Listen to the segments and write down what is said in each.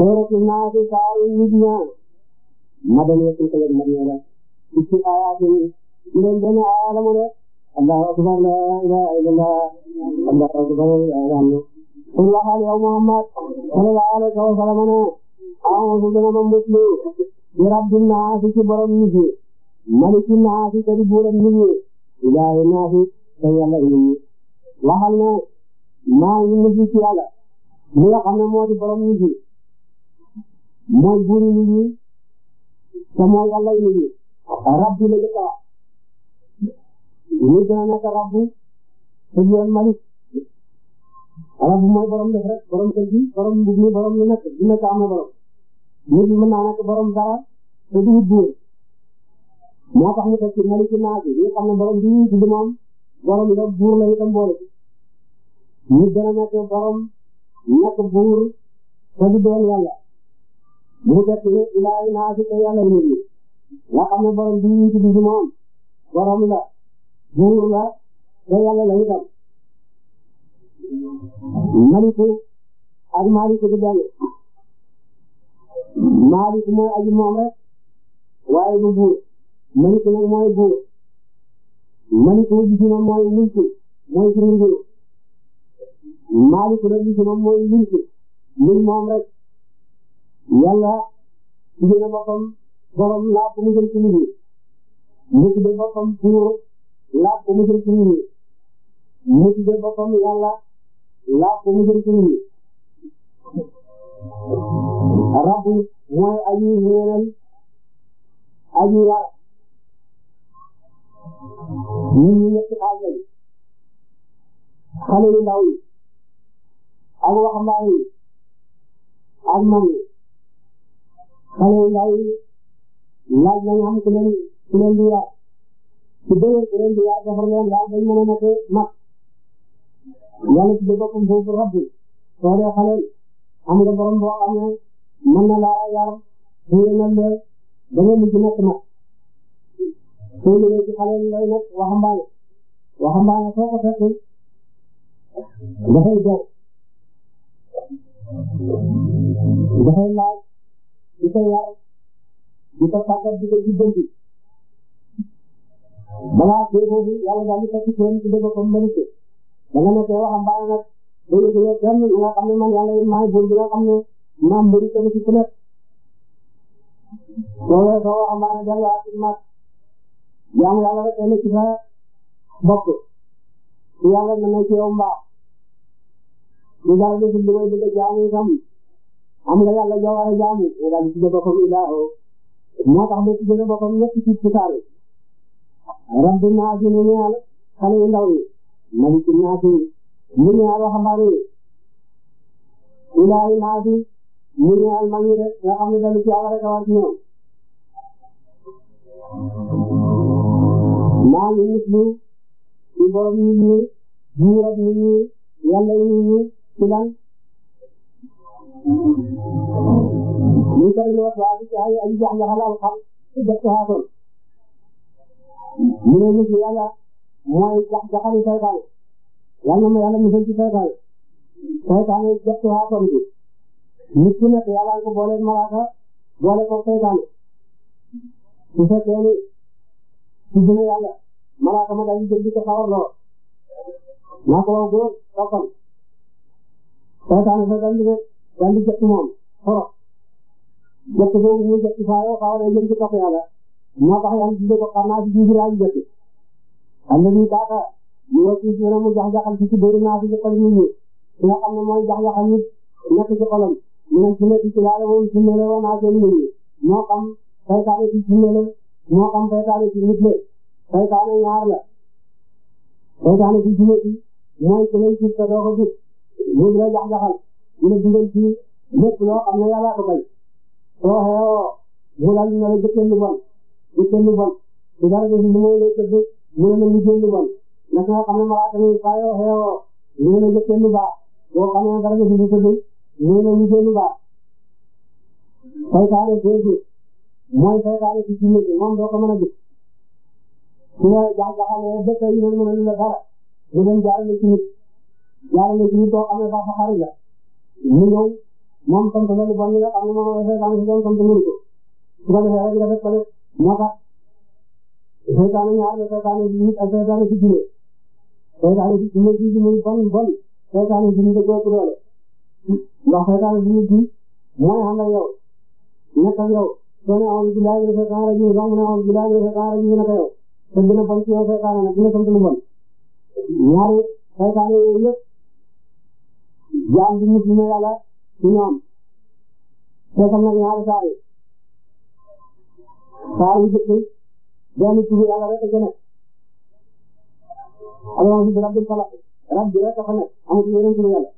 suratul naas saa yu nit ñaa madaniyatul qalb madaniya la fukki ayaat yi juróom benn aaya la mu ne allahu akbar la ilaha illallah allahu akbar la ilaha illallah qul waxal yow muhammad sallallahu alayhi wa sallam ne a'uuzu dana ma muslu bi rabbin naas ci borom nit ñi malikin naas te di buuram nit ñi ilaahi naas te yàlla nit ñi waxal ne maa ngi muslu ci yàlla mi nga xam ne moo di borom nit ñi mooy buuru nit ñi te mooy yàlla nit ñi rabbi la jëkk a wax nit malik rabbu mooy borom def rek borom kër gi borom mbub mi borom lu nekk lu nekk am na borom nit ñi mën naa maliki naas yi ñu xam ne bi ñu tudd moom borom la buur la itam boole nit dana nekk borom nekk buur te du doon yàlla mu def ne ilaay naa si te yàlla nit ñi nga xam ne borom buur la te yàlla la itam maliku ak maliku du benn maliku mooy aji moom rek waaye du buur maliku nag mooy buur maliku gisuma mooy mulku mooy suñu buur maliku nag gisuma mooy mulku muy moom rek yàlla tuddee boppam borom laaj ko mu jëm ci liggéey mu tuddee boppam pour laaj ko mu jëm ci liggéey mu tuddee boppam yàlla laaj ko mu jëm ci liggéey rabbu mooy aji ñeenal aji yaar ñun ñu ñetti xaaj lañ xale yu ndaw yi ak waxambaane yi ak mag yi xale yu ndaw yi laaj nañu am ku leen ku leen di yaar dee ku leen di yaar defar leen daal dañ mën a nekk mag rabbi soo dee xale am nga borom boo xam ne mën na laa yar xëyal na la ba nga mujj nekk mag soo liggéey ci xale lay nekk waxambaane waxambaane soo ko fekk dafay jox dafay laaj di ko yar di ko tàggat di ko jubbanti balaa kër boobu yàlla daal di fekk turam ci dëgg comme mérité ba nga nekkee waxambaane nag day dëgg kenn nga xam ne man yàlla maay buur bi nga xam ne maa mbëri kenn ci ku nekk loolu soo waxambaane delluwaat ci mag jaamu yàlla rek kenn ci sa bopp ci yàlla na ci yow mbaa ñu daal di fi lu ngay bëgg a jaamu itam am nga yàlla jawaare jaamu nga daal di tuddee boppam ilaaho moo tax ba tuddee boppam ñett ci ci saar rabbi naas mu ñaal xale yu ndaw yi maliki naas mu ñaal waxambaane yi ilaahi naas mu ñaal mag yi rek nga xam ne dalu ci yàlla rek a war ci ñoom maa ngi nit ñi ci borom nit ñi jiirat nit ñi yàlla nit ñi ci lan muy bëri lu wax waaw ci ay ay jaax nga xam xam def ko xaasoon mu ne nit ñi yàlla mooy jax jaxali saytaane yàlla ma yàlla musal ci saytaane saytaane def ko xaasoon bi nit ku nekk yàlla ko boole malaaka boole ko saytaane su fekkee ni su gën a yàlla malaaka ma dañu jël di ko xawar loo naa ko wax góor toppal saytaane sa dañ di rek daal di jot moom trop oh. jot boobu muy jot saa yoo xaw a jëm ci topp yàlla moo tax yàlla dundee ko xam naa si jiw laa ñu jot am na lii kaata ñoo ci gën a mu jax-jaxal ci ci bëri naa fi ci xol nit ñi ki nga xam ne mooy jax-jaxal nit nekk ci xolam ñu ne su nekk ci laale moom su ne la woon naa seen nit ñi moo xam saytaane ci su ne la moo xam saytaane ci nit la saytaane ñaar la saytaane ci jinne mooy ki lay gis te doo ko gis mu la jax-jaxal ñu ne dugal ci lépp loo xam ne yàlla ko may soo xeexoo mu daal di ne la jëkkër lu bon jëkkër lu bon su dara def lu mooy lay tëdd mu ne la mujjee lu bon naka nga xam ne malaaka mi saa yoo xeexoo mu ne la jëkkër lu baax boo xam ne dara def lu tëdd mu ne la mujjee lu baax saytaane seegi mooy saytaane ci jinne bi moom doo ko mën a gis su la jaxjaxalee ba tey ñu ne mën a lu la dara mu dem jaarale ci nit jaarale ci nit boo xam ne baax xarit la mu ñëw moom comme que lu bon li nga xam ne moom la koy seetaan si doon comme que mënu ko su ko defee rek nga def ko def moo tax seetaane ñaar la seetaane si nit ak seetaane si jinne seetaane si jinne si muy bon bon seetaane si nit ak góob doole ndax seetaane si nit bi mooy ànd ak yow nekk ak yow soo ne amoon bi laaj la seetaan rek ñu sax mu ne amoon bi laaj la seetaan rek ñu nekk yow te dina bon ci yow seetaane nag dina sant lu bon ñaari seetaane yooyu yëpp jaam bi mujj na yàlla ci ñoom feesal na ñaari saar yi saar yu jëkk benn tudd yàlla rek a nekk alhamdulilah bi rabbil falaq rabbi rek a fa nekk amatul yeneen tudd yàlla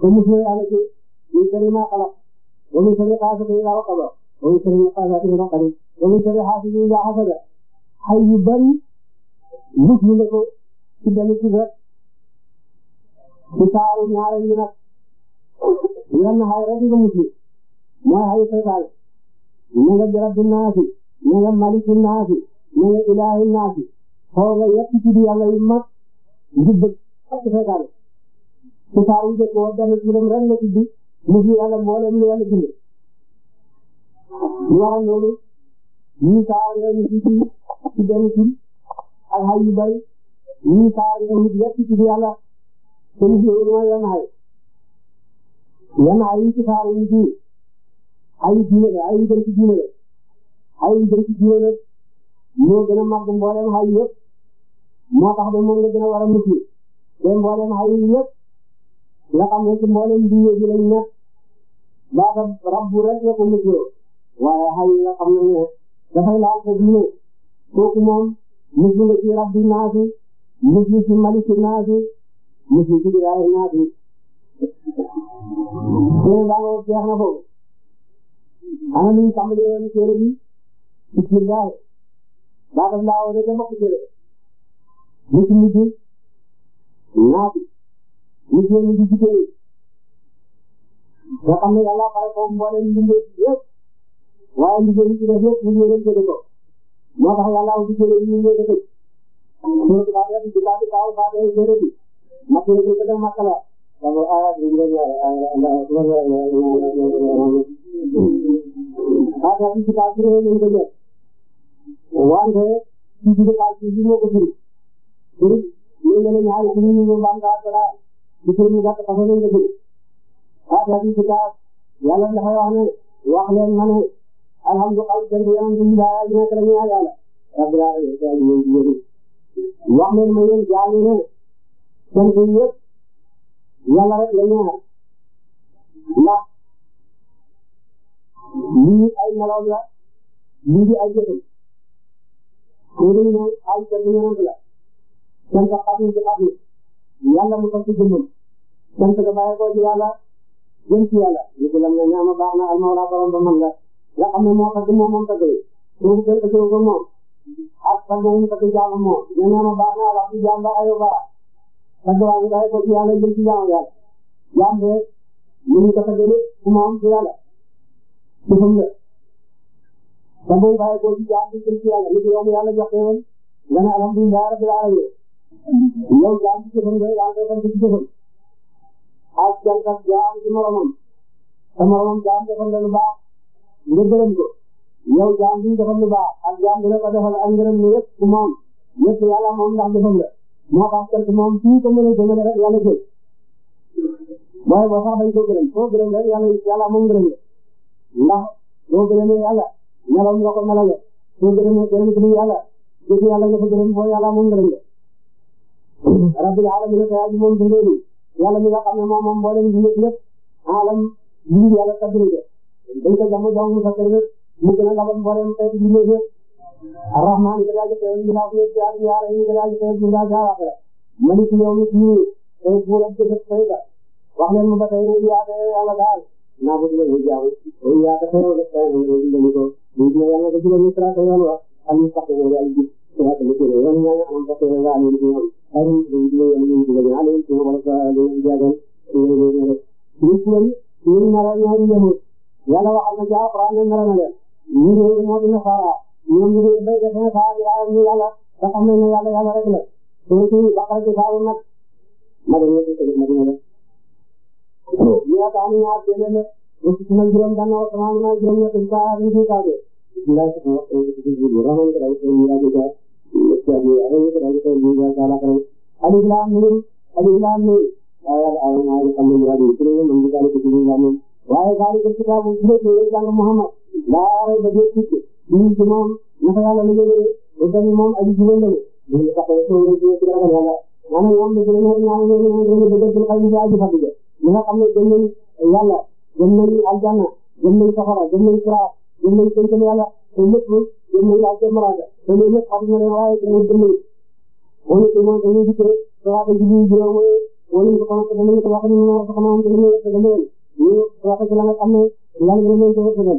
te mujj na yàlla ci min sharri maa xalaq wa min sharri gaasiqin izaa waqab wa min sharri nafaasaati fil uqad wa min sharri haasidin izaa hasad xay yu bari mujj na ko ci benn tudd rek ci saaru ñaareel bi nag yenn xay rek nga mucc mooy xayu seytaane na nga jarabu naasi na nga maliku naasi na nga ilaahi naasi xoo nga yàq ci yàlla yu mag ngir bëgg ak seytaane ci saaru yu jëkk wa benn turam rek la tudd mucc yàlla mboolem lu yàlla bind lu waral loolu ñii saar nga ñu ci ci benn tur ak xay yu bari ñii saar nga mucc yàq seen biir mooy yan ay yan ay yu ci xaar yu ji ay yu diine la ay yu dem ci diine la ay yu dem ci diine la moo gën a màgg mboolem ay yëpp moo tax ba moom la gën a war a mucc te mboolem ay yëpp nga xam ne ci mboolem diine bi lañ nekk laata rabbu rek la ko muccoo waaye ay nga xam ne dafay laal sa diine kooku moom mucc nga ci rabbi naasi mucc ci maliki naasi musu ci biir ay naat yi. keneen baa ngoog jeex na foofu. ana lu ñu tàmbalee woon téere bi. bisimilah. baa daf laa wane ca mbokk jële. musu mujj. naat yi. musu mujj ci téere. nga xam ne yàlla fay ko mbooleem mbindee yëpp. waaye mbindee yi ci def yëpp ñu leen jëlee ko. moo tax yàlla wu ci téere yi ñu leen di tëj. suuf si baa def ci baa di kaaw baa dee téere bi. maka ni ko def makala dafa aya bi ngir ya anda akbar ya aka ci ci kafir ne ko ne wande ci ci kafir ji mo ko ci ci ne ngene ñaar ci ñu ñu bang ka dara ci ñu da ka taxone ngeen ci aka ci ci kaf yalla dafa wax ne wax leen ma ne alhamdulillah dem bi yaan ci daara ñu ko ñu yalla rabbil alamin wax leen ma yeen jaamu ne sant yi yëpp yàlla rek la ñaar ndax lii ay meloom la lii di ay jëfam xëy na ñu ay sant yonent la sant xatmi ci xatmi yàlla mu tax ci jëmmam sant ga bàyyi ko ci yàlla jëm ci yàlla ñu ko lam na ñaama baax na almawla borom ba man la nga xam ne moo tagg moom moom tagg yi soo ko ko moom ak tagg yi mu tagg jaam moom ñaama baax na ala ci jaam ba ayo baax taggwaa bi bàyyi ko ci yàlla jëm ci jaamu yàlla jaam bee mu ngi ko tagge lépp ku moom ci yàlla suufam la te booy bàyyi ko ci jaam bi jëm ci yàlla li ko yomb yàlla jox xéewal nga ne alhamdulilah rabbil alamin yow jaam ci suufam nga yaa ngi koy sant ci suufam ak jantat jaam ci moromam te moromam jaam defal la lu baax nga gërëm ko yow jaam bi defal lu baax ak jaam bi la ko defal ak ngërëm lu yëpp ku moom yëpp yàlla moom ndax defal la moo tax kër gi moom fii ko mën a jëmale rek yàlla jël waaye boo sax dañ ko gërëm koo gërëm rek yàlla yàlla moom gërëm ndax boo gërëmee yàlla melam nga ko melale soo gërëmee gërëm ci yàlla jëf yàlla nga ko gërëm boo yàlla moom gërëm la rabbil alamin ta yaji moom dundee ni yàlla mi nga xam ne moom moom boo leen dundee lépp alam bi yàlla tabbi dañ ko jàmm jàmm mu sa kër mu gën a labal boo leen tey dundee Ar-Rahmaan nga daal di teew ñu naan ñu jaar jaar ñu nga daal di teew ñu naan jaar ak Malik yawmi diin tey buur ak dëgg tey ba wax leen mu ba tey rek yaa ko yàlla daal naa ko dugal ñu jaamu yaa ko teew la tey rek ñu dem ko ñu dina yàlla ko dugal ñu traité yoon wa ak ñu sax ñu daal di traité lu tëddee yoon ñaa am ba tey nga am ñu ñoom ay ñu ñu dugal yoon ñu dugal ñu alayhi ci wala sa ñu jaagal ñu ñu ñu rek ñu ci yoon ñu na la ñu ñu yàlla waxal na ci alquran ne na la leen ñu ñu moo di nasara ñoom ñu ngi béy def na saa di laajal ñu yàlla te xam nañ ne yàlla yàlla rek la suñu ci bàqara ci saa yu mag ma dem yëpp ci ma dina def. ñu ne taa ni ñaar jëlee la ñu ci suñu juróom dana wax sama na juróom ñett ci saa ñu ci saa de. ndax sax wax ko ci ci bu rahman ka day ko ñu daal ja ci abi ara ñu daal ko ñu ja sala ka alif lam mim alif lam mim ay ay ma ay kam ñu daal ci ñu ñu daal ko ci ñu lam waaye daal ko ci ka bu ñu ci jàng Muhammad la ay ba ci ci ñun ci moom naka yàlla liggéeyee ba tamit moom aji ci lëndëm ñun sax dafa soog a jëm ci ragal yàlla maanaam ñoom dafa leen ñaan ñaan ñaan ñaan dëggal seen xarit aji fatiga ñi nga xam ne gëm nañ yàlla gëm nañ aljanna gëm nañ safara gëm nañ siraat gëm nañ sënkam yàlla te lépp gëm nañ laaj seen maraaka te loolu lépp xam na leen waaye dañuy gëm nañ wala te moom dañuy dikkee salaata ji ñuy juróom wala ñu ko xamante ne dañu ko wax ni ñu war a soxna am te dañuy wax te dañu leen ñu wax ci la nga xam ne yàlla dana leen ko wërsëgal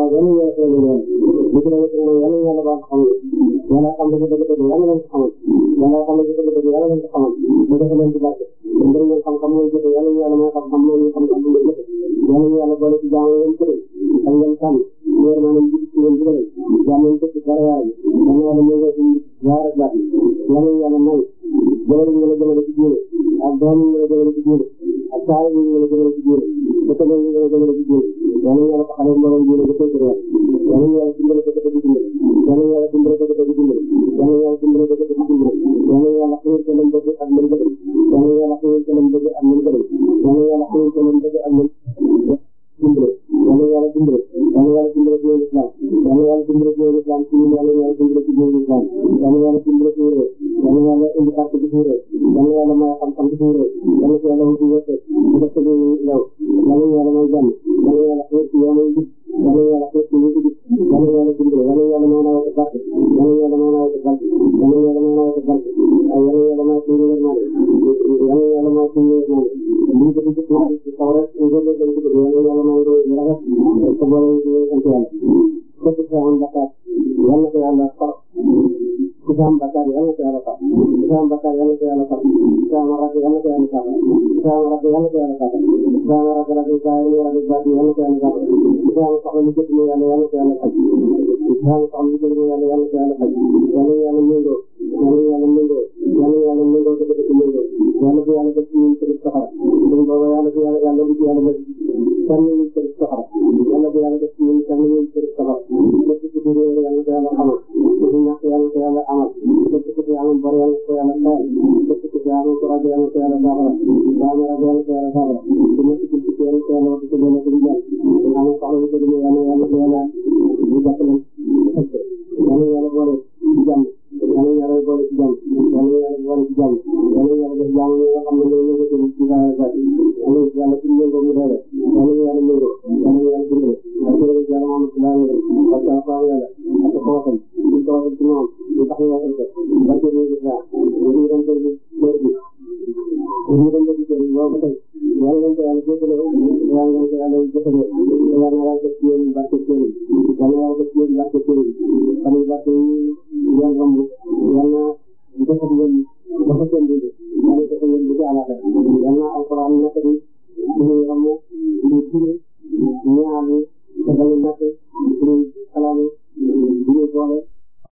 waaw yal nañu yàlla seen yoon li ci nekk mooy yal nañu yàlla baax xam yàlla xam li ci dëgg dëgg yàlla nañu ko xamal yàlla xam li ci dëgg dëgg yàlla nañu ko xamal mu def leen ci barke ngir ngeen xam-xam mooy jëfe yal nañu yàlla may xam-xam mooy ñu xam xam lu jëfe yal nañu yàlla boole ci jaamu yéen këré ak ngeen sàmm leer maanaam jigi ci ngeen jigale jaamu yéen dëkk dara yàlla may fekkal yàlla na yàlla may fekkal yàlla na yàlla may suñu yërmande yàlla na yàlla may suñu yërmande lii ko ci xaar ci kaw rek ñu jël dem ci yàlla na yàlla may ñu rafet ko boole ñu sant yàlla ko ci am bakkaar yàlla ko yàlla far ku ci am bakkaar yàlla ko yàlla far ku ci am bakkaar yàlla ko yàlla far ku ci am rafet yàlla ko yàlla far ku ci am rafet yàlla ko yàlla far ku ci am rafet rafet saa yi rafet baat yàlla ko yàlla far ku ci am soxla lu jot mu yàlla yàlla ko yàlla far yàlla tax ñu gëm yàlla yàlla ci yàlla faj yàlla yàlla méngoo yàlla yàlla méngoo yàlla yàlla méngoo te dëgg méngoo yàlla bu yàlla def ci ñun tëdd saxara donc booba yàlla bu yàlla yàlla bu ci yàlla def kenn ñu tëdd saxara yàlla bu yàlla def ci ñun kenn ñu tëdd saxara lépp ci biir yàlla yàlla ko yàlla xamal lépp ñàkk yàlla ko yàlla amal lépp ci biir amul bor yàlla ko yàlla xeel lépp ci biir amul courage yàlla ko yàlla saafara bu amee rab yàlla ko yàlla saafara bu nekk ci biir yàlla ko yàlla wax ci gën a ko ñu jàll bu amee soxla bu ko jëmee yàlla yàlla ko yàlla ñu jàppale fekk yàlla yàlla boole ci jàmm yàlla yàlla boole ci jàmm yàlla yàlla boole ci jàmm yàlla yàlla def jàmm yi nga xam ne ñoo nekk ci daara ga yàlla yàlla ci ñëw ko mu dara yàlla yàlla ñëw yàlla yàlla dimbale ak yàlla yàlla moom ci daara ga ak yàlla fa yàlla ak ko waxal ci ko waxal ci moom ci tax ñu waxal ko barke bi ñu gis daal ñu dem ko ci kër bi ñu dem ko ci kër bi boobu tey yàlla ngeen ko yàlla jégalu yàlla ngeen ko yàlla jëfandikoo yàlla na yàlla def ci yéen barke sëriñ yàlla na yàlla def ci yéen barke sëriñ fan yu barke yi ngeen romb yàlla na defal ngeen dafa seen dund yàlla defal ngeen bëgg àllaxira yàlla na alxuraan nekk ni ñu romb ñu tuddee